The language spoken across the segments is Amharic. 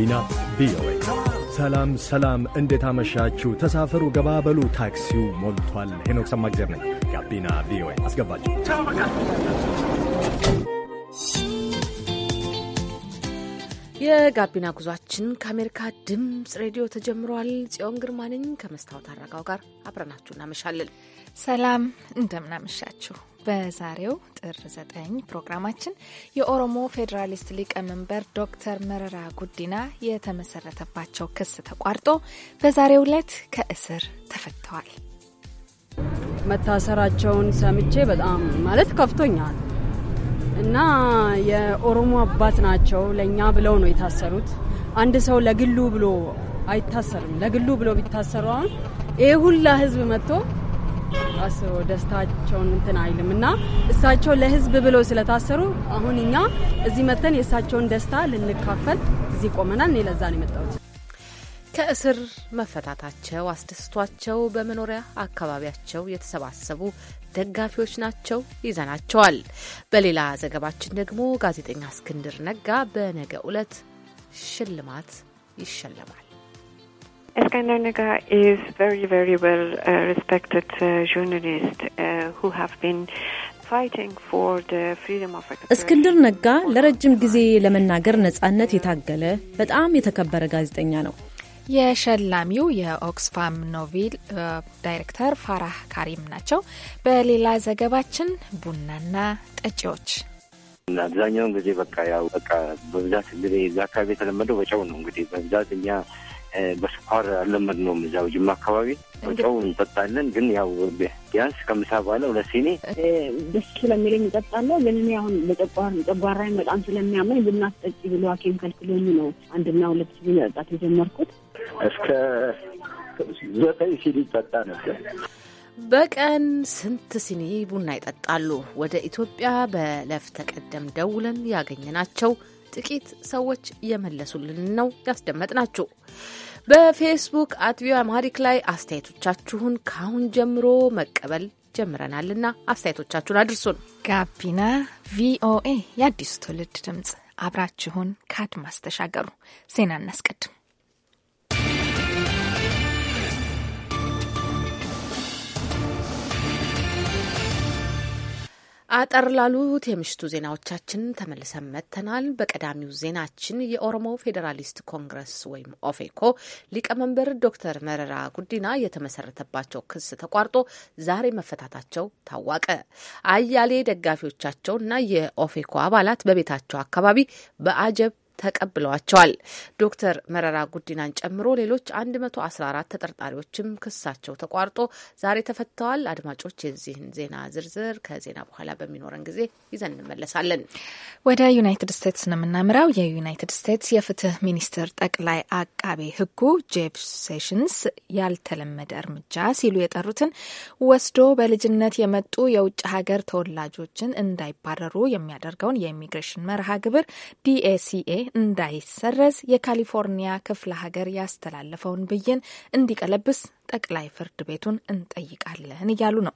ጋቢና ቪኦኤ። ሰላም ሰላም፣ እንዴት አመሻችሁ? ተሳፈሩ፣ ገባበሉ፣ ታክሲው ሞልቷል። ሄኖክ ሰማግዜር ነኝ። ጋቢና ቪኦኤ አስገባችሁ። የጋቢና ጉዟችን ከአሜሪካ ድምፅ ሬዲዮ ተጀምሯል። ጽዮን ግርማ ነኝ ከመስታወት አረጋው ጋር አብረናችሁ እናመሻለን። ሰላም እንደምናመሻችሁ በዛሬው ጥር ዘጠኝ ፕሮግራማችን የኦሮሞ ፌዴራሊስት ሊቀመንበር ዶክተር መረራ ጉዲና የተመሰረተባቸው ክስ ተቋርጦ በዛሬው ዕለት ከእስር ተፈተዋል። መታሰራቸውን ሰምቼ በጣም ማለት ከፍቶኛል እና የኦሮሞ አባት ናቸው ለእኛ ብለው ነው የታሰሩት። አንድ ሰው ለግሉ ብሎ አይታሰርም። ለግሉ ብሎ ቢታሰሩ አሁን ይህ ሁላ ህዝብ መጥቶ አስሮ ደስታቸውን እንትን አይልም እና እሳቸው ለህዝብ ብለው ስለታሰሩ አሁን እኛ እዚህ መተን የእሳቸውን ደስታ ልንካፈል እዚህ ቆመናል። እኔ ለዛ ነው የመጣሁት። ከእስር መፈታታቸው አስደስቷቸው በመኖሪያ አካባቢያቸው የተሰባሰቡ ደጋፊዎች ናቸው ይዘናቸዋል። በሌላ ዘገባችን ደግሞ ጋዜጠኛ እስክንድር ነጋ በነገ ዕለት ሽልማት ይሸለማል። Eskender Naga is very, very well uh, respected uh, journalist uh, who have been እስክንድር ነጋ ለረጅም ጊዜ ለመናገር ነጻነት የታገለ በጣም የተከበረ ጋዜጠኛ ነው። የሸላሚው የኦክስፋም ኖቪል uh, ዳይሬክተር ፋራህ ካሪም ናቸው። በሌላ ዘገባችን ቡናና ጠጪዎች አብዛኛውን ጊዜ በቃ ያው በቃ በብዛት እንግዲህ እዛ አካባቢ የተለመደው በጨው ነው። እንግዲህ በብዛት እኛ በስኳር ለመድ ነው እዛው ጅማ አካባቢ ጨው እንጠጣለን። ግን ያው ቢያንስ ከምሳ በኋላ ሁለት ሲኒ ደስ ስለሚለኝ እጠጣለሁ። ግን እኔ አሁን ጨጓራዬን በጣም ስለሚያመኝ ቡና አትጠጪ ብሎ ሐኪም ከልክሎኝ ነው አንድና ሁለት ሲኒ መጠጣት የጀመርኩት። እስከ ዘጠኝ ሲኒ ይጠጣ ነበር። በቀን ስንት ሲኒ ቡና ይጠጣሉ? ወደ ኢትዮጵያ በለፍ ተቀደም ደውለን ያገኘናቸው ጥቂት ሰዎች እየመለሱልን ነው ያስደመጥናችሁ። በፌስቡክ አት ቪኦኤ አማሪክ ላይ አስተያየቶቻችሁን ከአሁን ጀምሮ መቀበል ጀምረናልና አስተያየቶቻችሁን አድርሱን። ጋቢና ቪኦኤ የአዲሱ ትውልድ ድምፅ፣ አብራችሁን ከአድማስ ተሻገሩ። ዜና እናስቀድም። አጠር ላሉት የምሽቱ ዜናዎቻችን ተመልሰን መጥተናል። በቀዳሚው ዜናችን የኦሮሞ ፌዴራሊስት ኮንግረስ ወይም ኦፌኮ ሊቀመንበር ዶክተር መረራ ጉዲና የተመሰረተባቸው ክስ ተቋርጦ ዛሬ መፈታታቸው ታወቀ። አያሌ ደጋፊዎቻቸው እና የኦፌኮ አባላት በቤታቸው አካባቢ በአጀብ ተቀብለዋቸዋል። ዶክተር መረራ ጉዲናን ጨምሮ ሌሎች 114 ተጠርጣሪዎችም ክሳቸው ተቋርጦ ዛሬ ተፈተዋል። አድማጮች የዚህን ዜና ዝርዝር ከዜና በኋላ በሚኖረን ጊዜ ይዘን እንመለሳለን። ወደ ዩናይትድ ስቴትስ ነው የምናምራው። የዩናይትድ ስቴትስ የፍትህ ሚኒስትር ጠቅላይ አቃቤ ህጉ ጄፍ ሴሽንስ ያልተለመደ እርምጃ ሲሉ የጠሩትን ወስዶ በልጅነት የመጡ የውጭ ሀገር ተወላጆችን እንዳይባረሩ የሚያደርገውን የኢሚግሬሽን መርሃ ግብር ዲኤሲኤ እንዳይሰረዝ የካሊፎርኒያ ክፍለ ሀገር ያስተላለፈውን ብይን እንዲቀለብስ ጠቅላይ ፍርድ ቤቱን እንጠይቃለን እያሉ ነው።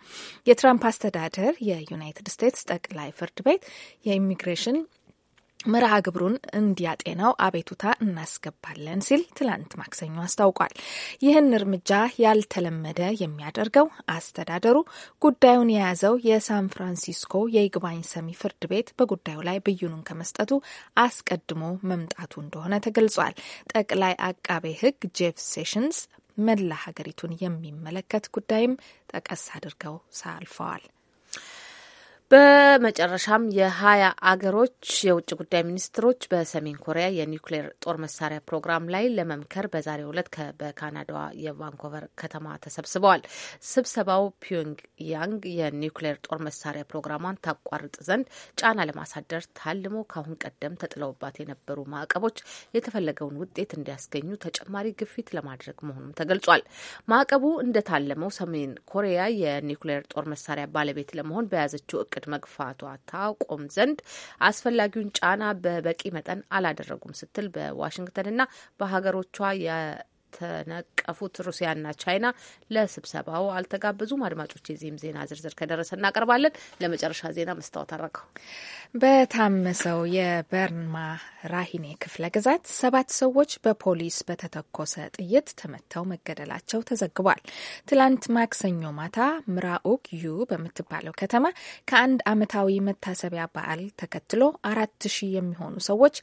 የትራምፕ አስተዳደር የዩናይትድ ስቴትስ ጠቅላይ ፍርድ ቤት የኢሚግሬሽን መርሃ ግብሩን እንዲያጤናው አቤቱታ እናስገባለን ሲል ትላንት ማክሰኞ አስታውቋል። ይህን እርምጃ ያልተለመደ የሚያደርገው አስተዳደሩ ጉዳዩን የያዘው የሳን ፍራንሲስኮ የይግባኝ ሰሚ ፍርድ ቤት በጉዳዩ ላይ ብይኑን ከመስጠቱ አስቀድሞ መምጣቱ እንደሆነ ተገልጿል። ጠቅላይ አቃቤ ሕግ ጄፍ ሴሽንስ መላ ሀገሪቱን የሚመለከት ጉዳይም ጠቀስ አድርገው ሳልፈዋል። በመጨረሻም የሀያ አገሮች የውጭ ጉዳይ ሚኒስትሮች በሰሜን ኮሪያ የኒውክሌር ጦር መሳሪያ ፕሮግራም ላይ ለመምከር በዛሬው ዕለት በካናዳዋ የቫንኮቨር ከተማ ተሰብስበዋል። ስብሰባው ፒዮንግያንግ የኒውክሌር ጦር መሳሪያ ፕሮግራሟን ታቋርጥ ዘንድ ጫና ለማሳደር ታልሞ ካሁን ቀደም ተጥለውባት የነበሩ ማዕቀቦች የተፈለገውን ውጤት እንዲያስገኙ ተጨማሪ ግፊት ለማድረግ መሆኑም ተገልጿል። ማዕቀቡ እንደታለመው ሰሜን ኮሪያ የኒውክሌር ጦር መሳሪያ ባለቤት ለመሆን በያዘችው እቅድ መግፋቷ ታቆም ዘንድ አስፈላጊውን ጫና በበቂ መጠን አላደረጉም ስትል በዋሽንግተንና በሀገሮቿ የተነቀፉት ሩሲያና ቻይና ለስብሰባው አልተጋበዙም። አድማጮች፣ የዚህም ዜና ዝርዝር ከደረሰ እናቀርባለን። ለመጨረሻ ዜና መስታወት አረገው በታመሰው የበርማ ራሂኔ ክፍለ ግዛት ሰባት ሰዎች በፖሊስ በተተኮሰ ጥይት ተመተው መገደላቸው ተዘግቧል። ትላንት ማክሰኞ ማታ ምራኡክ ዩ በምትባለው ከተማ ከአንድ ዓመታዊ መታሰቢያ በዓል ተከትሎ አራት ሺህ የሚሆኑ ሰዎች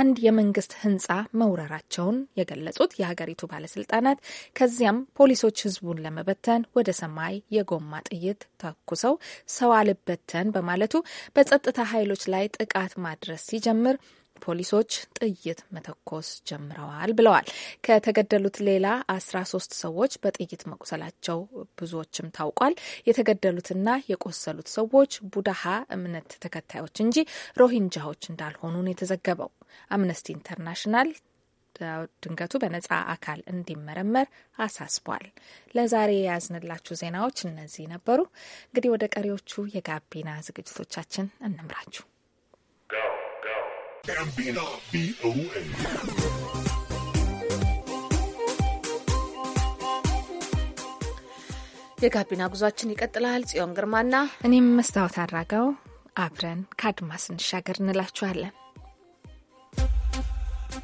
አንድ የመንግስት ህንጻ መውረራቸውን የገለጹት የሀገሪቱ ባለስልጣናት፣ ከዚያም ፖሊሶች ህዝቡን ለመበተን ወደ ሰማይ የጎማ ጥይት ተኩሰው ሰው አልበተን በማለቱ በጸጥታ ኃይሎች ላይ ጥቃት ማድረስ ሲጀምር ፖሊሶች ጥይት መተኮስ ጀምረዋል ብለዋል። ከተገደሉት ሌላ አስራ ሶስት ሰዎች በጥይት መቁሰላቸው ብዙዎችም ታውቋል። የተገደሉትና የቆሰሉት ሰዎች ቡድሃ እምነት ተከታዮች እንጂ ሮሂንጃዎች እንዳልሆኑ ነው የተዘገበው። አምነስቲ ኢንተርናሽናል ድንገቱ በነጻ አካል እንዲመረመር አሳስቧል። ለዛሬ የያዝንላችሁ ዜናዎች እነዚህ ነበሩ። እንግዲህ ወደ ቀሪዎቹ የጋቢና ዝግጅቶቻችን እንምራችሁ። የጋቢና ጉዟችን ይቀጥላል። ጽዮን ግርማና እኔም መስታወት አድራጋው አብረን ከአድማስ እንሻገር እንላችኋለን።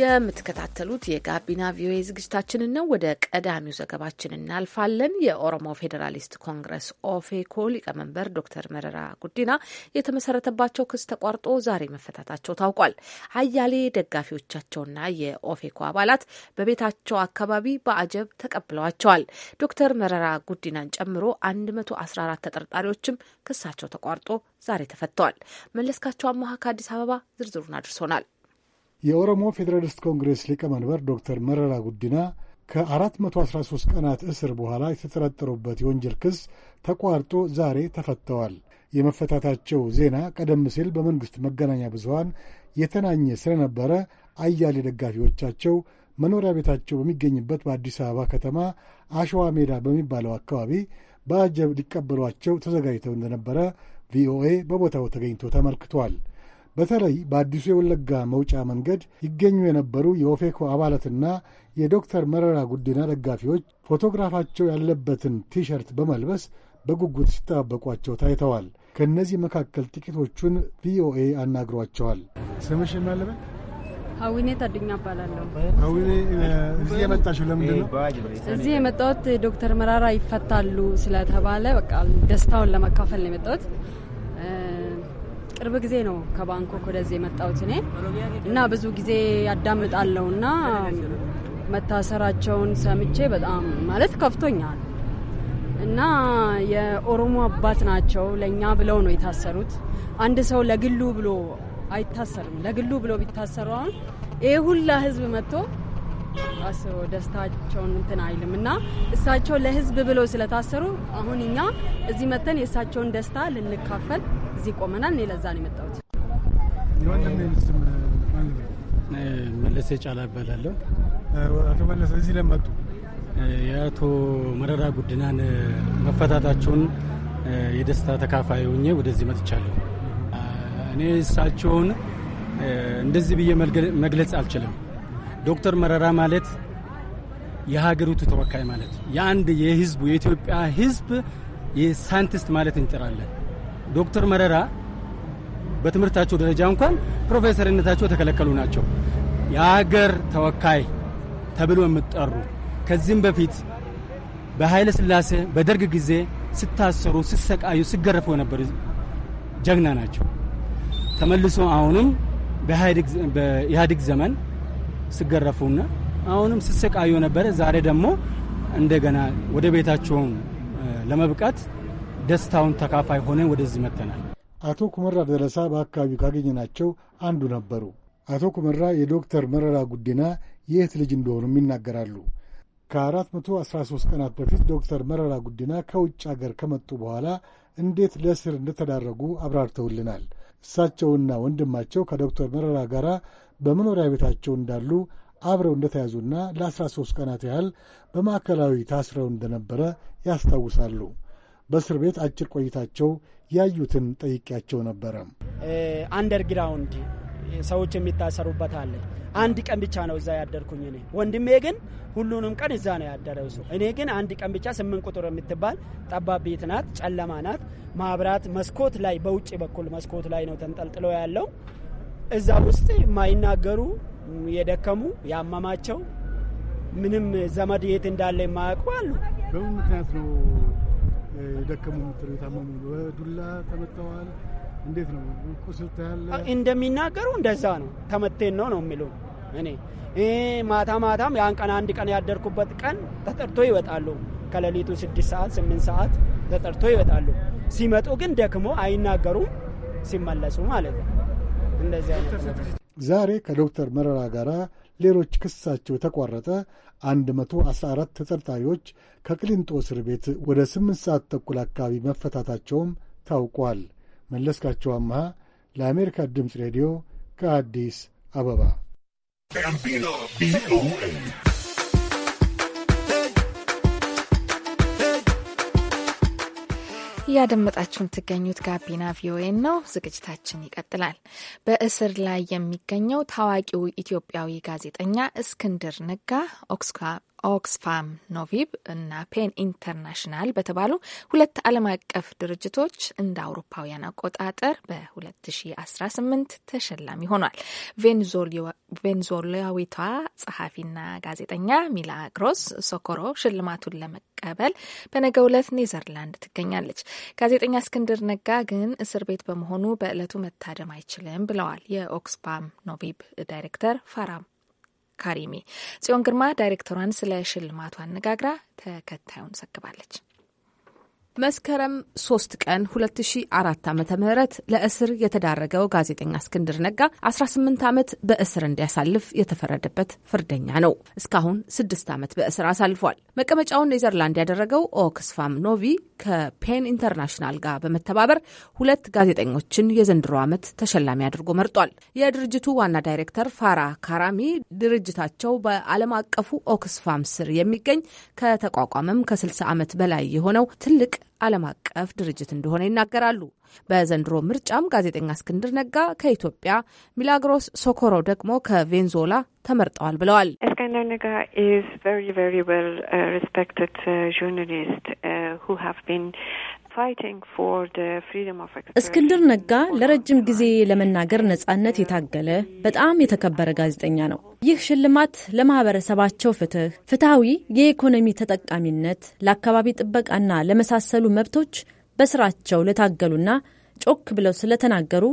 የምትከታተሉት የጋቢና ቪኦኤ ዝግጅታችንን ነው። ወደ ቀዳሚው ዘገባችን እናልፋለን። የኦሮሞ ፌዴራሊስት ኮንግረስ ኦፌኮ ሊቀመንበር ዶክተር መረራ ጉዲና የተመሰረተባቸው ክስ ተቋርጦ ዛሬ መፈታታቸው ታውቋል። አያሌ ደጋፊዎቻቸውና የኦፌኮ አባላት በቤታቸው አካባቢ በአጀብ ተቀብለዋቸዋል። ዶክተር መረራ ጉዲናን ጨምሮ 114 ተጠርጣሪዎችም ክሳቸው ተቋርጦ ዛሬ ተፈተዋል። መለስካቸው አማሃ ከአዲስ አበባ ዝርዝሩን አድርሶናል። የኦሮሞ ፌዴራሊስት ኮንግሬስ ሊቀመንበር ዶክተር መረራ ጉዲና ከ413 ቀናት እስር በኋላ የተጠረጠሩበት የወንጀል ክስ ተቋርጦ ዛሬ ተፈተዋል። የመፈታታቸው ዜና ቀደም ሲል በመንግሥት መገናኛ ብዙሃን የተናኘ ስለነበረ አያሌ ደጋፊዎቻቸው መኖሪያ ቤታቸው በሚገኝበት በአዲስ አበባ ከተማ አሸዋ ሜዳ በሚባለው አካባቢ በአጀብ ሊቀበሏቸው ተዘጋጅተው እንደነበረ ቪኦኤ በቦታው ተገኝቶ ተመልክቷል። በተለይ በአዲሱ የወለጋ መውጫ መንገድ ይገኙ የነበሩ የኦፌኮ አባላትና የዶክተር መረራ ጉዲና ደጋፊዎች ፎቶግራፋቸው ያለበትን ቲሸርት በመልበስ በጉጉት ሲጠባበቋቸው ታይተዋል። ከእነዚህ መካከል ጥቂቶቹን ቪኦኤ አናግሯቸዋል። ስምሽ ማለበት? ሀዊኔ ታድኛ እባላለሁ። ሀዊኔ እዚህ የመጣሽው ለምንድን ነው? እዚህ የመጣሁት ዶክተር መራራ ይፈታሉ ስለተባለ በቃ ደስታውን ለመካፈል ነው የመጣሁት። ቅርብ ጊዜ ነው ከባንኮክ ወደዚህ የመጣሁት እኔ እና ብዙ ጊዜ ያዳምጣለሁ እና መታሰራቸውን ሰምቼ በጣም ማለት ከፍቶኛል። እና የኦሮሞ አባት ናቸው ለእኛ ብለው ነው የታሰሩት። አንድ ሰው ለግሉ ብሎ አይታሰርም። ለግሉ ብሎ ቢታሰሩ አሁን ይህ ሁላ ህዝብ መጥቶ አስቦ ደስታቸውን እንትን አይልም እና እሳቸው ለህዝብ ብለው ስለታሰሩ አሁን እኛ እዚህ መተን የእሳቸውን ደስታ ልንካፈል እዚህ ቆመናል። እኔ ለዛ ነው የመጣሁት። መለሰ ጫላ እባላለሁ። አቶ መለሰ እዚህ ለመጡ የአቶ መረራ ጉድናን መፈታታቸውን የደስታ ተካፋይ ሆኜ ወደዚህ መጥቻለሁ። እኔ እሳቸውን እንደዚህ ብዬ መግለጽ አልችልም። ዶክተር መረራ ማለት የሀገሪቱ ተወካይ ማለት የአንድ የህዝቡ የኢትዮጵያ ህዝብ የሳይንቲስት ማለት እንጠራለን። ዶክተር መረራ በትምህርታቸው ደረጃ እንኳን ፕሮፌሰርነታቸው የተከለከሉ ናቸው። የሀገር ተወካይ ተብሎ የምጠሩ ከዚህም በፊት በኃይለ ሥላሴ በደርግ ጊዜ ስታሰሩ፣ ስሰቃዩ፣ ስገረፉ የነበሩ ጀግና ናቸው። ተመልሶ አሁንም በኢህአዴግ ዘመን ስገረፉና አሁንም ስሰቃዩ ነበረ። ዛሬ ደግሞ እንደገና ወደ ቤታቸውን ለመብቃት ደስታውን ተካፋይ ሆነን ወደዚህ መጥተናል። አቶ ኩመራ ደረሳ በአካባቢው ካገኘናቸው አንዱ ነበሩ። አቶ ኩመራ የዶክተር መረራ ጉዲና የእህት ልጅ እንደሆኑም ይናገራሉ። ከ413 ቀናት በፊት ዶክተር መረራ ጉዲና ከውጭ አገር ከመጡ በኋላ እንዴት ለእስር እንደተዳረጉ አብራርተውልናል። እሳቸውና ወንድማቸው ከዶክተር መረራ ጋር በመኖሪያ ቤታቸው እንዳሉ አብረው እንደተያዙና ለ13 ቀናት ያህል በማዕከላዊ ታስረው እንደነበረ ያስታውሳሉ። በእስር ቤት አጭር ቆይታቸው ያዩትን ጠይቄያቸው ነበረ። አንደርግራውንድ ሰዎች የሚታሰሩበት አለ። አንድ ቀን ብቻ ነው እዛ ያደርኩኝ እኔ። ወንድሜ ግን ሁሉንም ቀን እዛ ነው ያደረው እሱ። እኔ ግን አንድ ቀን ብቻ ስምንት ቁጥር የምትባል ጠባብ ቤት ናት፣ ጨለማ ናት። ማብራት መስኮት ላይ በውጭ በኩል መስኮት ላይ ነው ተንጠልጥሎ ያለው። እዛ ውስጥ የማይናገሩ የደከሙ ያመማቸው ምንም ዘመድ የት እንዳለ የማያውቁ አሉ። በምን ምክንያት ነው የደከሙ የታመሙ በዱላ ተመተዋል። እንዴት ነው ቁስል ታያለ? እንደሚናገሩ እንደዛ ነው። ተመቴን ነው ነው የሚሉ እኔ ማታ ማታም ያን ቀን አንድ ቀን ያደርኩበት ቀን ተጠርቶ ይወጣሉ። ከሌሊቱ ስድስት ሰዓት ስምንት ሰዓት ተጠርቶ ይወጣሉ። ሲመጡ ግን ደክሞ አይናገሩም ሲመለሱ ማለት ነው። እንደዚህ አይነት ዛሬ ከዶክተር መረራ ጋራ ሌሎች ክሳቸው የተቋረጠ 114 ተጠርጣሪዎች ከቅሊንጦ እስር ቤት ወደ 8 ሰዓት ተኩል አካባቢ መፈታታቸውም ታውቋል። መለስካቸው አመሃ ለአሜሪካ ድምፅ ሬዲዮ ከአዲስ አበባ እያደመጣችሁን ትገኙት ጋቢና ቪኦኤ ነው። ዝግጅታችን ይቀጥላል። በእስር ላይ የሚገኘው ታዋቂው ኢትዮጵያዊ ጋዜጠኛ እስክንድር ነጋ ኦክስፋም ኖቪብ እና ፔን ኢንተርናሽናል በተባሉ ሁለት ዓለም አቀፍ ድርጅቶች እንደ አውሮፓውያን አቆጣጠር በ2018 ተሸላሚ ሆኗል። ቬንዙዌላዊቷ ጸሐፊና ጋዜጠኛ ሚላ ግሮስ ሶኮሮ ሽልማቱን ለመቀበል በነገ ዕለት ኔዘርላንድ ትገኛለች። ጋዜጠኛ እስክንድር ነጋ ግን እስር ቤት በመሆኑ በዕለቱ መታደም አይችልም ብለዋል። የኦክስፋም ኖቪብ ዳይሬክተር ፋራም ካሪሚ። ጽዮን ግርማ ዳይሬክተሯን ስለ ሽልማቱ አነጋግራ ተከታዩን ዘግባለች። መስከረም 3 ቀን 2004 ዓ ም ለእስር የተዳረገው ጋዜጠኛ እስክንድር ነጋ 18 ዓመት በእስር እንዲያሳልፍ የተፈረደበት ፍርደኛ ነው። እስካሁን 6 ዓመት በእስር አሳልፏል። መቀመጫውን ኔዘርላንድ ያደረገው ኦክስፋም ኖቪ ከፔን ኢንተርናሽናል ጋር በመተባበር ሁለት ጋዜጠኞችን የዘንድሮ ዓመት ተሸላሚ አድርጎ መርጧል። የድርጅቱ ዋና ዳይሬክተር ፋራ ካራሚ ድርጅታቸው በዓለም አቀፉ ኦክስፋም ስር የሚገኝ ከተቋቋመም ከ60 ዓመት በላይ የሆነው ትልቅ ዓለም አቀፍ ድርጅት እንደሆነ ይናገራሉ። በዘንድሮ ምርጫም ጋዜጠኛ እስክንድር ነጋ ከኢትዮጵያ፣ ሚላግሮስ ሶኮሮ ደግሞ ከቬንዙዌላ ተመርጠዋል ብለዋል። እስክንድር ነጋ ኢዝ ቨሪ ቨሪ ዌል ሪስፔክትድ ጆርናሊስት እስክንድር ነጋ ለረጅም ጊዜ ለመናገር ነጻነት የታገለ በጣም የተከበረ ጋዜጠኛ ነው። ይህ ሽልማት ለማህበረሰባቸው ፍትህ፣ ፍትሐዊ የኢኮኖሚ ተጠቃሚነት፣ ለአካባቢ ጥበቃና ለመሳሰሉ መብቶች በስራቸው ለታገሉና ጮክ ብለው ስለተናገሩ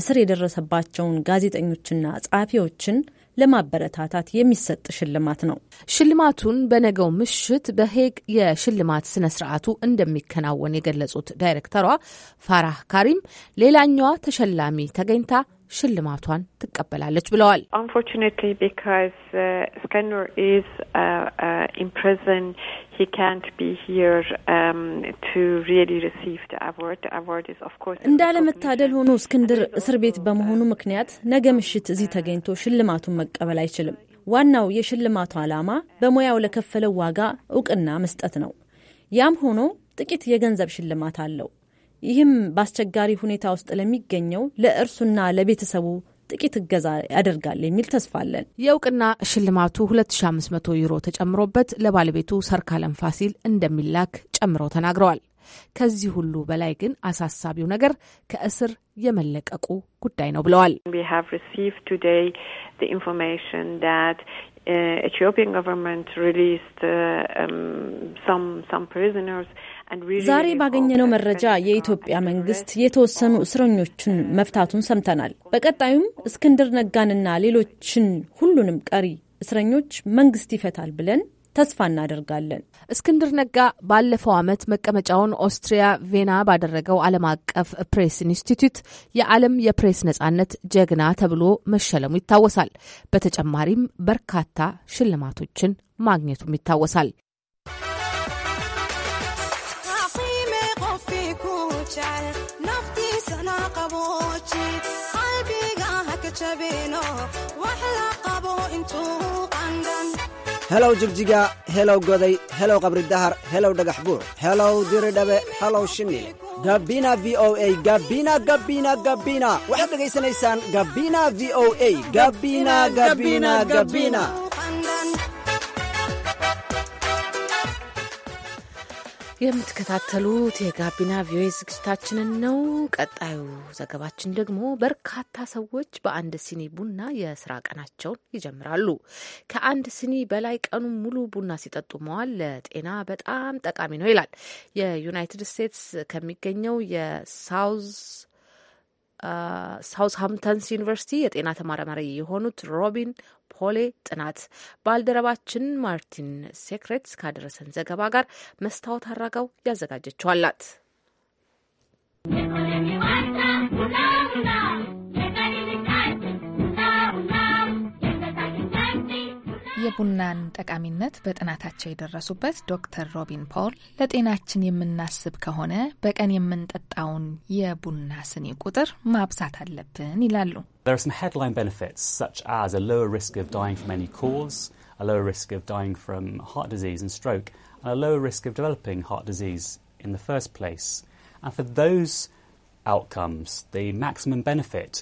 እስር የደረሰባቸውን ጋዜጠኞችና ጸሐፊዎችን ለማበረታታት የሚሰጥ ሽልማት ነው። ሽልማቱን በነገው ምሽት በሄግ የሽልማት ስነ ስርዓቱ እንደሚከናወን የገለጹት ዳይሬክተሯ ፋራህ ካሪም ሌላኛዋ ተሸላሚ ተገኝታ ሽልማቷን ትቀበላለች ብለዋል። እንዳለመታደል ሆኖ እስክንድር እስር ቤት በመሆኑ ምክንያት ነገ ምሽት እዚህ ተገኝቶ ሽልማቱን መቀበል አይችልም። ዋናው የሽልማቱ ዓላማ በሙያው ለከፈለው ዋጋ እውቅና መስጠት ነው። ያም ሆኖ ጥቂት የገንዘብ ሽልማት አለው። ይህም በአስቸጋሪ ሁኔታ ውስጥ ለሚገኘው ለእርሱና ለቤተሰቡ ጥቂት እገዛ ያደርጋል የሚል ተስፋ አለን። የእውቅና ሽልማቱ 2500 ዩሮ ተጨምሮበት ለባለቤቱ ሰርካለም ፋሲል እንደሚላክ ጨምረው ተናግረዋል። ከዚህ ሁሉ በላይ ግን አሳሳቢው ነገር ከእስር የመለቀቁ ጉዳይ ነው ብለዋል። ኢትዮጵያን ዛሬ ባገኘነው መረጃ የኢትዮጵያ መንግስት የተወሰኑ እስረኞችን መፍታቱን ሰምተናል። በቀጣዩም እስክንድር ነጋንና ሌሎችን ሁሉንም ቀሪ እስረኞች መንግስት ይፈታል ብለን ተስፋ እናደርጋለን። እስክንድር ነጋ ባለፈው ዓመት መቀመጫውን ኦስትሪያ ቬና ባደረገው ዓለም አቀፍ ፕሬስ ኢንስቲትዩት የዓለም የፕሬስ ነጻነት ጀግና ተብሎ መሸለሙ ይታወሳል። በተጨማሪም በርካታ ሽልማቶችን ማግኘቱም ይታወሳል። helow jigjiga helow goday helow qabri dahar helow dhagax buur helow diridhabe helow shimi gabina v o a gabina gabina gabina waxaad dhegaysanaysaan gabina v o a gabina gabina gabina የምትከታተሉት የጋቢና ቪኦኤ ዝግጅታችንን ነው። ቀጣዩ ዘገባችን ደግሞ በርካታ ሰዎች በአንድ ሲኒ ቡና የስራ ቀናቸውን ይጀምራሉ። ከአንድ ሲኒ በላይ ቀኑ ሙሉ ቡና ሲጠጡ መዋል ለጤና በጣም ጠቃሚ ነው ይላል የዩናይትድ ስቴትስ ከሚገኘው የሳውዝ ሳውስሃምፕተንስ ዩኒቨርሲቲ የጤና ተመራማሪ የሆኑት ሮቢን ፖሌ ጥናት ባልደረባችን ማርቲን ሴክሬትስ ካደረሰን ዘገባ ጋር መስታወት አድራገው ያዘጋጀችዋላት። የቡናን ጠቃሚነት በጥናታቸው የደረሱበት ዶክተር ሮቢን ፖል ለጤናችን የምናስብ ከሆነ በቀን የምንጠጣውን የቡና ስኒ ቁጥር ማብዛት አለብን ይላሉ። And for those outcomes, the maximum benefit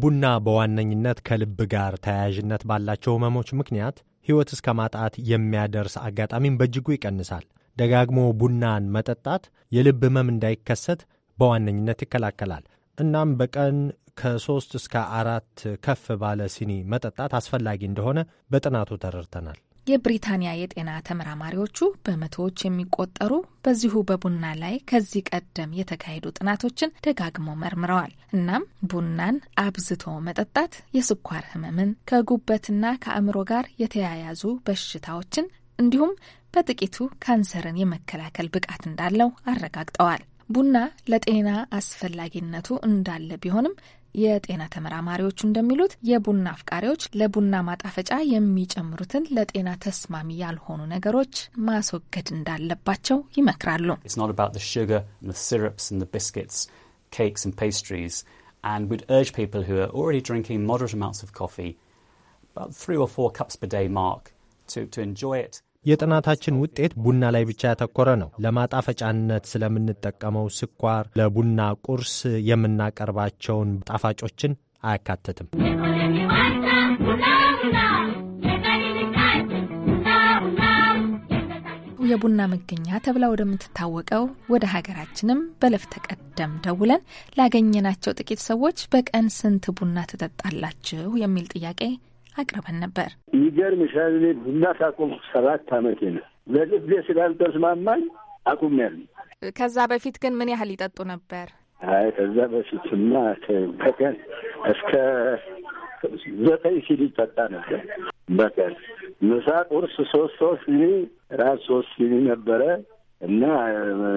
ቡና በዋነኝነት ከልብ ጋር ተያያዥነት ባላቸው ህመሞች ምክንያት ሕይወት እስከ ማጣት የሚያደርስ አጋጣሚን በእጅጉ ይቀንሳል። ደጋግሞ ቡናን መጠጣት የልብ ህመም እንዳይከሰት በዋነኝነት ይከላከላል። እናም በቀን ከሦስት እስከ አራት ከፍ ባለ ሲኒ መጠጣት አስፈላጊ እንደሆነ በጥናቱ ተረድተናል። የብሪታንያ የጤና ተመራማሪዎቹ በመቶዎች የሚቆጠሩ በዚሁ በቡና ላይ ከዚህ ቀደም የተካሄዱ ጥናቶችን ደጋግመው መርምረዋል። እናም ቡናን አብዝቶ መጠጣት የስኳር ህመምን፣ ከጉበትና ከአእምሮ ጋር የተያያዙ በሽታዎችን እንዲሁም በጥቂቱ ካንሰርን የመከላከል ብቃት እንዳለው አረጋግጠዋል። ቡና ለጤና አስፈላጊነቱ እንዳለ ቢሆንም የጤና ተመራማሪዎች እንደሚሉት የቡና አፍቃሪዎች ለቡና ማጣፈጫ የሚጨምሩትን ለጤና ተስማሚ ያልሆኑ ነገሮች ማስወገድ እንዳለባቸው ይመክራሉ። የጥናታችን ውጤት ቡና ላይ ብቻ ያተኮረ ነው። ለማጣፈጫነት ስለምንጠቀመው ስኳር ለቡና ቁርስ የምናቀርባቸውን ጣፋጮችን አያካትትም። የቡና መገኛ ተብላ ወደምትታወቀው ወደ ሀገራችንም በለፍ ተቀደም ደውለን ላገኘናቸው ጥቂት ሰዎች በቀን ስንት ቡና ትጠጣላችሁ የሚል ጥያቄ አቅርበን ነበር። ይገርምሻል፣ እኔ ቡና ካቆምኩ ሰባት አመቴ ነው። ለልቤ ስላልተስማማኝ አቁሜያለሁ። ከዛ በፊት ግን ምን ያህል ይጠጡ ነበር? አይ ከዛ በፊትማ በቀን እስከ ዘጠኝ ሲል ይጠጣ ነበር በቀን ምሳ፣ ቁርስ ሶስት ሶስት ሲኒ ራት ሶስት ሲኒ ነበረ እና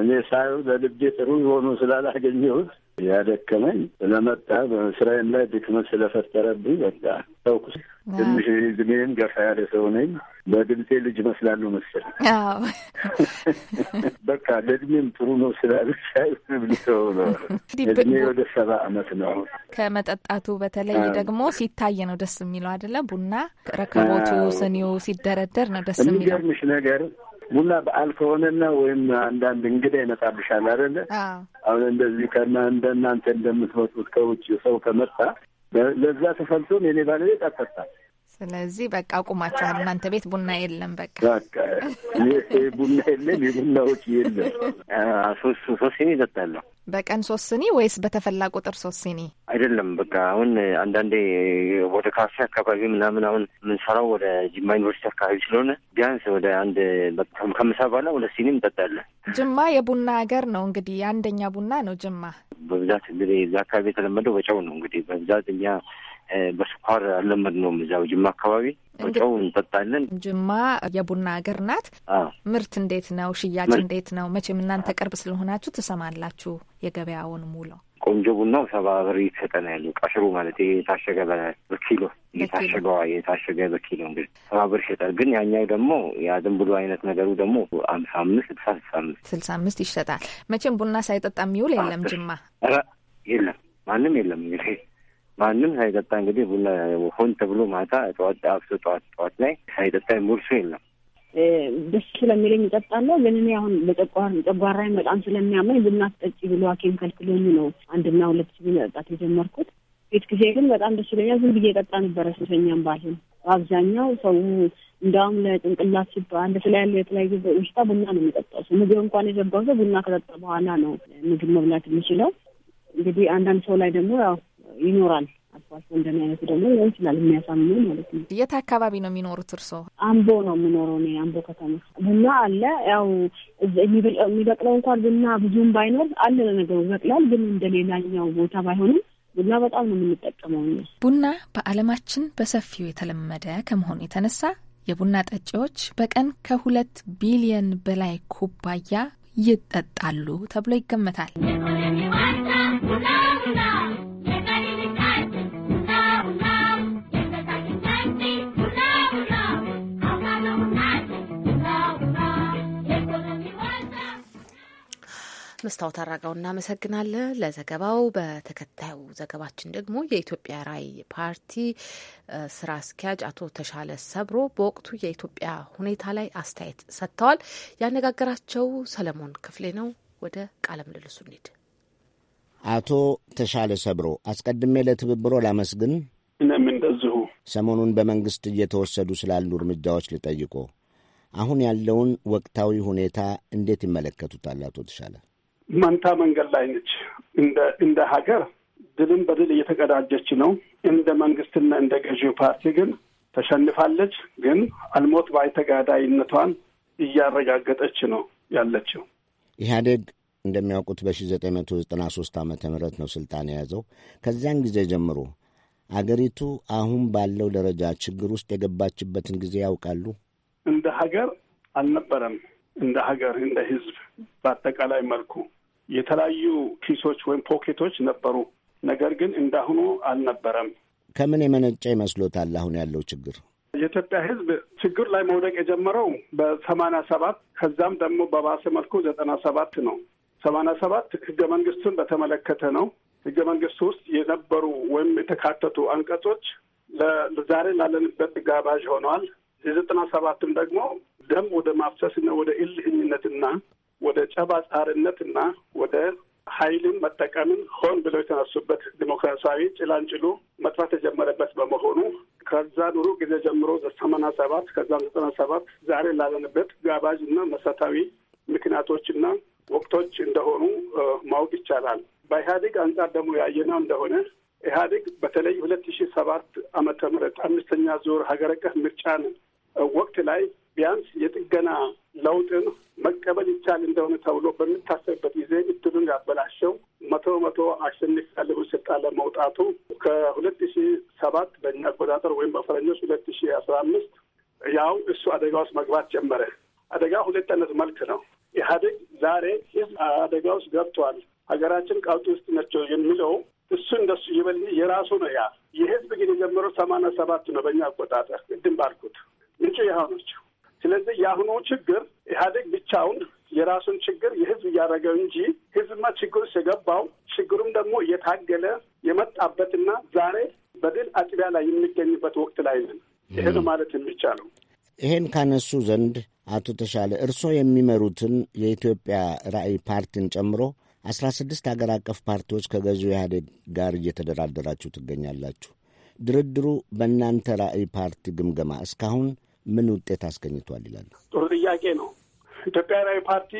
እኔ ሳዩ ለልቤ ጥሩ የሆኑ ስላላገኘሁት ያደከመኝ ስለመጣ በስራዬም ላይ ድክመት ስለፈጠረብኝ በቃ ተውኩስ። ትንሽ እድሜም ገፋ ያለ ሰው ነኝ። በድምፄ ልጅ መስላሉ መስል በቃ ለእድሜም ጥሩ ነው ስላለች ሰው ነው። እድሜ ወደ ሰባ አመት ነው። ከመጠጣቱ በተለይ ደግሞ ሲታይ ነው ደስ የሚለው አይደለ? ቡና ረከቦቱ ስኒው ሲደረደር ነው ደስ የሚለው። የሚገርምሽ ነገር ቡና በዓል ከሆነና ወይም አንዳንድ እንግዳ ይመጣብሻል አይደለ? አሁን እንደዚህ ከእናንተ እንደምትመጡት ከውጭ ሰው ከመጣ ለዛ ተሰምቶን የኔ ባለቤት አጠጣል ስለዚህ በቃ አቁማችኋል። እናንተ ቤት ቡና የለም። በቃ ቡና የለም። የቡናዎች የለም። ሶስት ሲኒ ይጠጣለሁ። በቀን ሶስት ሲኒ ወይስ በተፈላ ቁጥር ሶስት ሲኒ? አይደለም በቃ አሁን አንዳንዴ ወደ ካፌ አካባቢ ምናምን አሁን የምንሰራው ወደ ጅማ ዩኒቨርሲቲ አካባቢ ስለሆነ ቢያንስ ወደ አንድ ከምሳ በኋላ ሁለት ሲኒ እንጠጣለን። ጅማ የቡና ሀገር ነው እንግዲህ የአንደኛ ቡና ነው ጅማ። በብዛት እንግዲህ እዛ አካባቢ የተለመደው በጨው ነው እንግዲህ በብዛት እኛ በስኳር አለመድ ነው። እዚያው ጅማ አካባቢ ጨው እንጠጣለን። ጅማ የቡና ሀገር ናት። ምርት እንዴት ነው? ሽያጭ እንዴት ነው? መቼም እናንተ ቅርብ ስለሆናችሁ ትሰማላችሁ የገበያውን ሙሉ። ቆንጆ ቡናው ሰባ ብር ይሰጠን ያሉ ቀሽሩ ማለት የታሸገ በኪሎ የታሸገዋ የታሸገ በኪሎ እንግዲህ ሰባ ብር ይሸጣል። ግን ያኛው ደግሞ ያ ዝም ብሎ አይነት ነገሩ ደግሞ አምሳ አምስት ስልሳ ስልሳ አምስት ስልሳ አምስት ይሸጣል። መቼም ቡና ሳይጠጣ የሚውል የለም ጅማ የለም ማንም የለም እንግዲህ ማንም ሳይጠጣ እንግዲህ ቡና ሆን ተብሎ ማታ ጠዋት አፍሶ ጠዋት ጠዋት ላይ ሳይጠጣ ሙርሱ የለም። ደስ ስለሚለኝ እጠጣለሁ። ግን እኔ አሁን ጨጓራዬን በጣም ስለሚያመኝ ቡና አትጠጪ ብሎ ሐኪም ከልክሎኝ ነው አንድና ሁለት ሲኒ መጠጣት የጀመርኩት። ቤት ጊዜ ግን በጣም ደስ ይለኛል። ዝም ብዬ ጠጣ ነበረ። ሱሰኛም ባልሆን አብዛኛው ሰው እንዲያውም ለጭንቅላት ሲባል ለተለያዩ የተለያዩ በሽታ ቡና ነው የሚጠጣው ሰው። ምግብ እንኳን የገባው ሰው ቡና ከጠጣ በኋላ ነው ምግብ መብላት የሚችለው። እንግዲህ አንዳንድ ሰው ላይ ደግሞ ያው ይኖራል። አልፎ አልፎ እንደኔ አይነቱ ደግሞ ሊሆን ይችላል የሚያሳምኑ ማለት ነው። የት አካባቢ ነው የሚኖሩት እርስዎ? አምቦ ነው የምኖረው እኔ አምቦ ከተማ። ቡና አለ ያው የሚበቅለው እንኳን ቡና ብዙም ባይኖር አለ ለነገሩ ይበቅላል፣ ግን እንደሌላኛው ቦታ ባይሆንም ቡና በጣም ነው የምንጠቀመው። ቡና በዓለማችን በሰፊው የተለመደ ከመሆኑ የተነሳ የቡና ጠጪዎች በቀን ከሁለት ቢሊየን በላይ ኩባያ ይጠጣሉ ተብሎ ይገመታል። መስታወት አራጋው እናመሰግናለን ለዘገባው። በተከታዩ ዘገባችን ደግሞ የኢትዮጵያ ራዕይ ፓርቲ ስራ አስኪያጅ አቶ ተሻለ ሰብሮ በወቅቱ የኢትዮጵያ ሁኔታ ላይ አስተያየት ሰጥተዋል። ያነጋገራቸው ሰለሞን ክፍሌ ነው። ወደ ቃለ ምልልሱ እንሂድ። አቶ ተሻለ ሰብሮ አስቀድሜ ለትብብሮ ላመስግን። እኔም እንደዚሁ ሰሞኑን በመንግስት እየተወሰዱ ስላሉ እርምጃዎች ልጠይቆ አሁን ያለውን ወቅታዊ ሁኔታ እንዴት ይመለከቱታል? አቶ ተሻለ መንታ መንገድ ላይ ነች። እንደ እንደ ሀገር ድልን በድል እየተቀዳጀች ነው። እንደ መንግስትና እንደ ገዢው ፓርቲ ግን ተሸንፋለች። ግን አልሞት ባይ ተጋዳይነቷን እያረጋገጠች ነው ያለችው። ኢህአዴግ እንደሚያውቁት በ1993 ዓ ም ነው ስልጣን የያዘው። ከዚያን ጊዜ ጀምሮ አገሪቱ አሁን ባለው ደረጃ ችግር ውስጥ የገባችበትን ጊዜ ያውቃሉ። እንደ ሀገር አልነበረም እንደ ሀገር እንደ ህዝብ በአጠቃላይ መልኩ የተለያዩ ኪሶች ወይም ፖኬቶች ነበሩ። ነገር ግን እንዳሁኑ አልነበረም። ከምን የመነጨ ይመስሎታል አሁን ያለው ችግር? የኢትዮጵያ ህዝብ ችግር ላይ መውደቅ የጀመረው በሰማንያ ሰባት ከዛም ደግሞ በባሰ መልኩ ዘጠና ሰባት ነው። ሰማንያ ሰባት ህገ መንግስቱን በተመለከተ ነው። ህገ መንግስቱ ውስጥ የነበሩ ወይም የተካተቱ አንቀጾች ለዛሬ ላለንበት ጋባዥ ሆነዋል። የዘጠና ሰባትም ደግሞ ደም ወደ ማፍሰስና ወደ እልህኝነትና ወደ ጨባጫርነትና ወደ ኃይልን መጠቀምን ሆን ብለው የተነሱበት ዲሞክራሲያዊ ጭላንጭሉ መጥፋት የጀመረበት በመሆኑ ከዛ ኑሩ ጊዜ ጀምሮ ሰማንያ ሰባት ከዛም ዘጠና ሰባት ዛሬ ላለንበት ጋባዥ እና መሰረታዊ ምክንያቶችና ወቅቶች እንደሆኑ ማወቅ ይቻላል። በኢህአዴግ አንጻር ደግሞ ያየነው እንደሆነ ኢህአዴግ በተለይ ሁለት ሺ ሰባት አመተ ምህረት አምስተኛ ዙር ሀገር አቀፍ ምርጫን ወቅት ላይ ቢያንስ የጥገና ለውጥን መቀበል ይቻል እንደሆነ ተብሎ በሚታሰብበት ጊዜ እድሉን ያበላሸው መቶ መቶ አሸንፍ ያለሁ ስልጣን ለመውጣቱ ከሁለት ሺ ሰባት በእኛ አቆጣጠር ወይም በፈረኞች ሁለት ሺ አስራ አምስት ያው እሱ አደጋ ውስጥ መግባት ጀመረ። አደጋ ሁለት አይነት መልክ ነው። ኢህአዴግ ዛሬ ህዝብ አደጋ ውስጥ ገብቷል፣ ሀገራችን ቀውጥ ውስጥ ነቸው የሚለው እሱ እንደሱ ይበል የራሱ ነው። ያ የህዝብ ግን የጀመረው ሰማንያ ሰባት ነው በእኛ አቆጣጠር። ቅድም ባልኩት ምንጩ ይኸው ናቸው። ስለዚህ የአሁኑ ችግር ኢህአዴግ ብቻውን የራሱን ችግር የህዝብ እያደረገው እንጂ ህዝብማ ችግር ሲገባው ችግሩም ደግሞ እየታገለ የመጣበትና ዛሬ በድል አጥቢያ ላይ የሚገኝበት ወቅት ላይ ነን። ይህን ነው ማለት የሚቻለው። ይሄን ካነሱ ዘንድ አቶ ተሻለ እርስዎ የሚመሩትን የኢትዮጵያ ራዕይ ፓርቲን ጨምሮ አስራ ስድስት ሀገር አቀፍ ፓርቲዎች ከገዢው ኢህአዴግ ጋር እየተደራደራችሁ ትገኛላችሁ። ድርድሩ በእናንተ ራዕይ ፓርቲ ግምገማ እስካሁን ምን ውጤት አስገኝቷል? ይላል። ጥሩ ጥያቄ ነው። ኢትዮጵያ ራዕይ ፓርቲ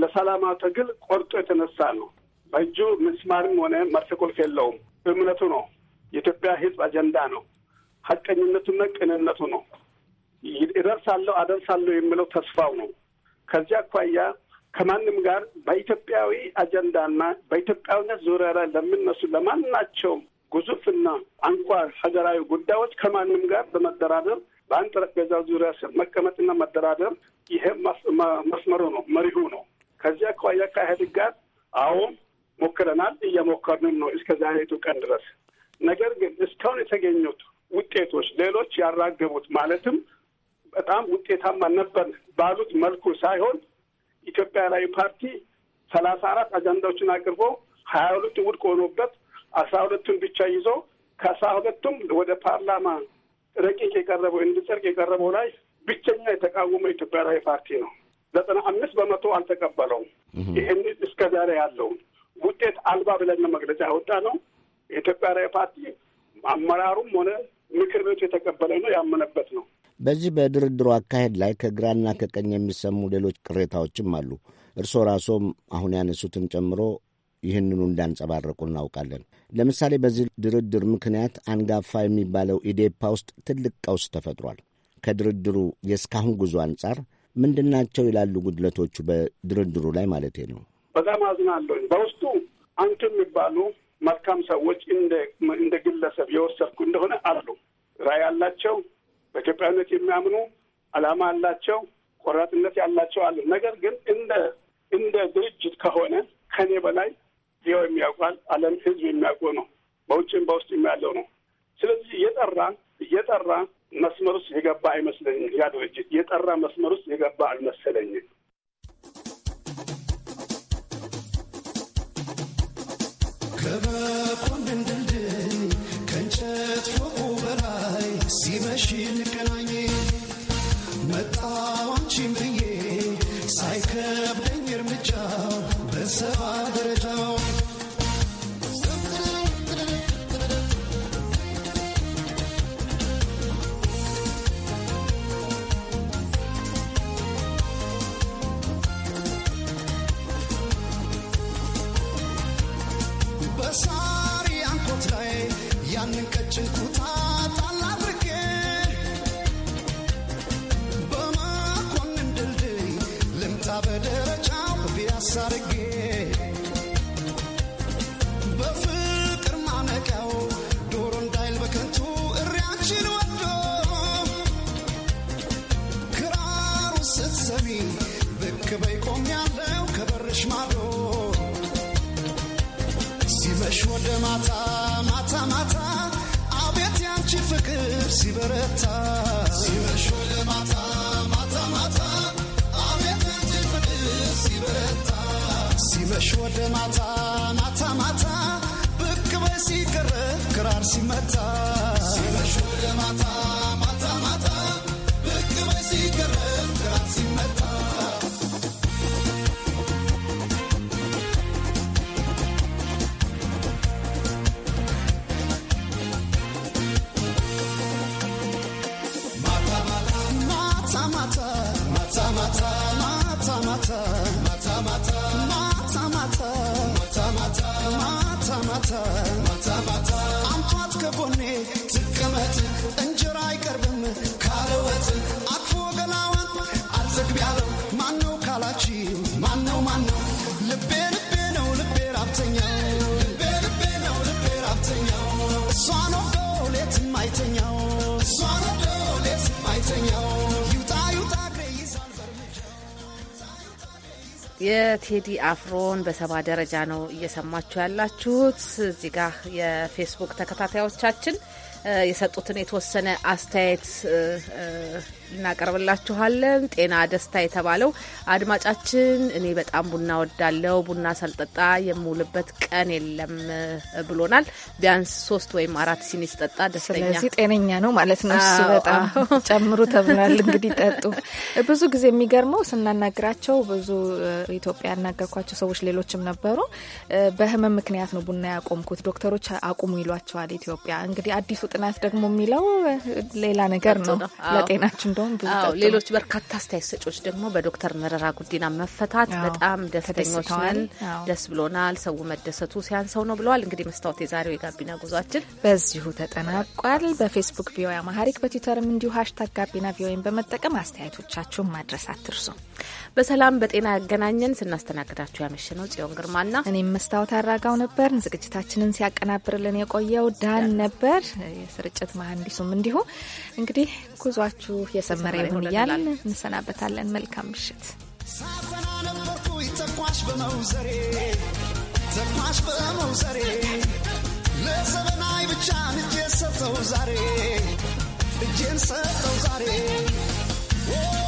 ለሰላማዊ ትግል ቆርጦ የተነሳ ነው። በእጁ ምስማርም ሆነ መርፌ ቁልፍ የለውም። እምነቱ ነው። የኢትዮጵያ ሕዝብ አጀንዳ ነው። ሀቀኝነቱና ቅንነቱ ነው። ይደርሳለሁ፣ አደርሳለሁ የሚለው ተስፋው ነው። ከዚህ አኳያ ከማንም ጋር በኢትዮጵያዊ አጀንዳና በኢትዮጵያዊነት ዙሪያ ላይ ለሚነሱ ለማናቸውም ግዙፍና አንኳር ሀገራዊ ጉዳዮች ከማንም ጋር በመደራደር በአንድ ጠረጴዛ ዙሪያ መቀመጥና መደራደር ይህም መስመሩ ነው፣ መሪሁ ነው። ከዚያ አኳያ ከኢህአዴግ ጋር አሁን ሞክረናል፣ እየሞከርንም ነው እስከ ዛሬቱ ቀን ድረስ። ነገር ግን እስካሁን የተገኙት ውጤቶች ሌሎች ያራገቡት ማለትም በጣም ውጤታማ ነበር ባሉት መልኩ ሳይሆን ኢትዮጵያ ላዊ ፓርቲ ሰላሳ አራት አጀንዳዎችን አቅርቦ ሀያ ሁለት ውድቅ ሆኖበት አስራ ሁለቱን ብቻ ይዞ ከአስራ ሁለቱም ወደ ፓርላማ ረቂቅ የቀረበው እንዲጸድቅ የቀረበው ላይ ብቸኛ የተቃወመ ኢትዮጵያ ብሔራዊ ፓርቲ ነው። ዘጠና አምስት በመቶ አልተቀበለውም። ይህን እስከ ዛሬ ያለውን ውጤት አልባ ብለን መግለጫ ያወጣ ነው። የኢትዮጵያ ብሔራዊ ፓርቲ አመራሩም ሆነ ምክር ቤቱ የተቀበለ ነው፣ ያመነበት ነው። በዚህ በድርድሩ አካሄድ ላይ ከግራና ከቀኝ የሚሰሙ ሌሎች ቅሬታዎችም አሉ። እርስዎ ራስዎም አሁን ያነሱትን ጨምሮ ይህንኑ እንዳንጸባረቁ እናውቃለን። ለምሳሌ በዚህ ድርድር ምክንያት አንጋፋ የሚባለው ኢዴፓ ውስጥ ትልቅ ቀውስ ተፈጥሯል። ከድርድሩ የእስካሁን ጉዞ አንጻር ምንድን ናቸው ይላሉ ጉድለቶቹ በድርድሩ ላይ ማለቴ ነው። በጣም አዝናለሁኝ። በውስጡ አንቱ የሚባሉ መልካም ሰዎች እንደ ግለሰብ የወሰድኩ እንደሆነ አሉ። ራዕይ ያላቸው በኢትዮጵያዊነት የሚያምኑ አላማ ያላቸው ቆራጥነት ያላቸው አሉ። ነገር ግን እንደ እንደ ድርጅት ከሆነ ከኔ በላይ ይኸው የሚያውቋል ዓለም ህዝብ የሚያውቁ ነው። በውጭም በውስጥ ያለው ነው። ስለዚህ እየጠራ እየጠራ መስመር ውስጥ የገባ አይመስለኝም። ያ ድርጅት የጠራ መስመር ውስጥ የገባ አልመሰለኝም። ከበቆን ድልድይ ከእንጨት ፎቁ በላይ ሲመሽ እንገናኝ መጣዋንቺ ብዬ ሳይከብደኝ እርምጃው በሰባ ደረጃው ቴዲ አፍሮን በሰባ ደረጃ ነው እየሰማችሁ ያላችሁት። እዚህ ጋር የፌስቡክ ተከታታዮቻችን የሰጡትን የተወሰነ አስተያየት እናቀርብላችኋለን። ጤና ደስታ የተባለው አድማጫችን እኔ በጣም ቡና ወዳለው ቡና ሳልጠጣ የምውልበት ቀን የለም ብሎናል። ቢያንስ ሶስት ወይም አራት ሲኒ ስጠጣ ደስተኛ ስለዚህ ጤነኛ ነው ማለት ነው። እሱ በጣም ጨምሩ ተብሏል። እንግዲህ ጠጡ። ብዙ ጊዜ የሚገርመው ስናናግራቸው ብዙ ኢትዮጵያ ያናገርኳቸው ሰዎች ሌሎችም ነበሩ። በህመም ምክንያት ነው ቡና ያቆምኩት ዶክተሮች አቁሙ ይሏቸዋል ኢትዮጵያ። እንግዲህ አዲሱ ጥናት ደግሞ የሚለው ሌላ ነገር ነው ለጤናችን ቢሆን ብዙ ሌሎች በርካታ አስተያየት ሰጮች ደግሞ በዶክተር መረራ ጉዲና መፈታት በጣም ደስተኞች ነን፣ ደስ ብሎናል፣ ሰው መደሰቱ ሲያንሰው ነው ብለዋል። እንግዲህ መስታወት የዛሬው የጋቢና ጉዟችን በዚሁ ተጠናቋል። በፌስቡክ ቪኦኤ አማሃሪክ በትዊተርም እንዲሁ ሀሽታግ ጋቢና ቪኦኤን በመጠቀም አስተያየቶቻችሁን ማድረስ አትርሱ። በሰላም በጤና ያገናኘን። ስናስተናግዳችሁ ያመሸነው ጽዮን ግርማና እኔም መስታወት አራጋው ነበር። ዝግጅታችንን ሲያቀናብርልን የቆየው ዳን ነበር፣ የስርጭት መሀንዲሱም እንዲሁ። እንግዲህ ጉዟችሁ የሰመረ ይሁን እያልን እንሰናበታለን። መልካም ምሽት። Oh,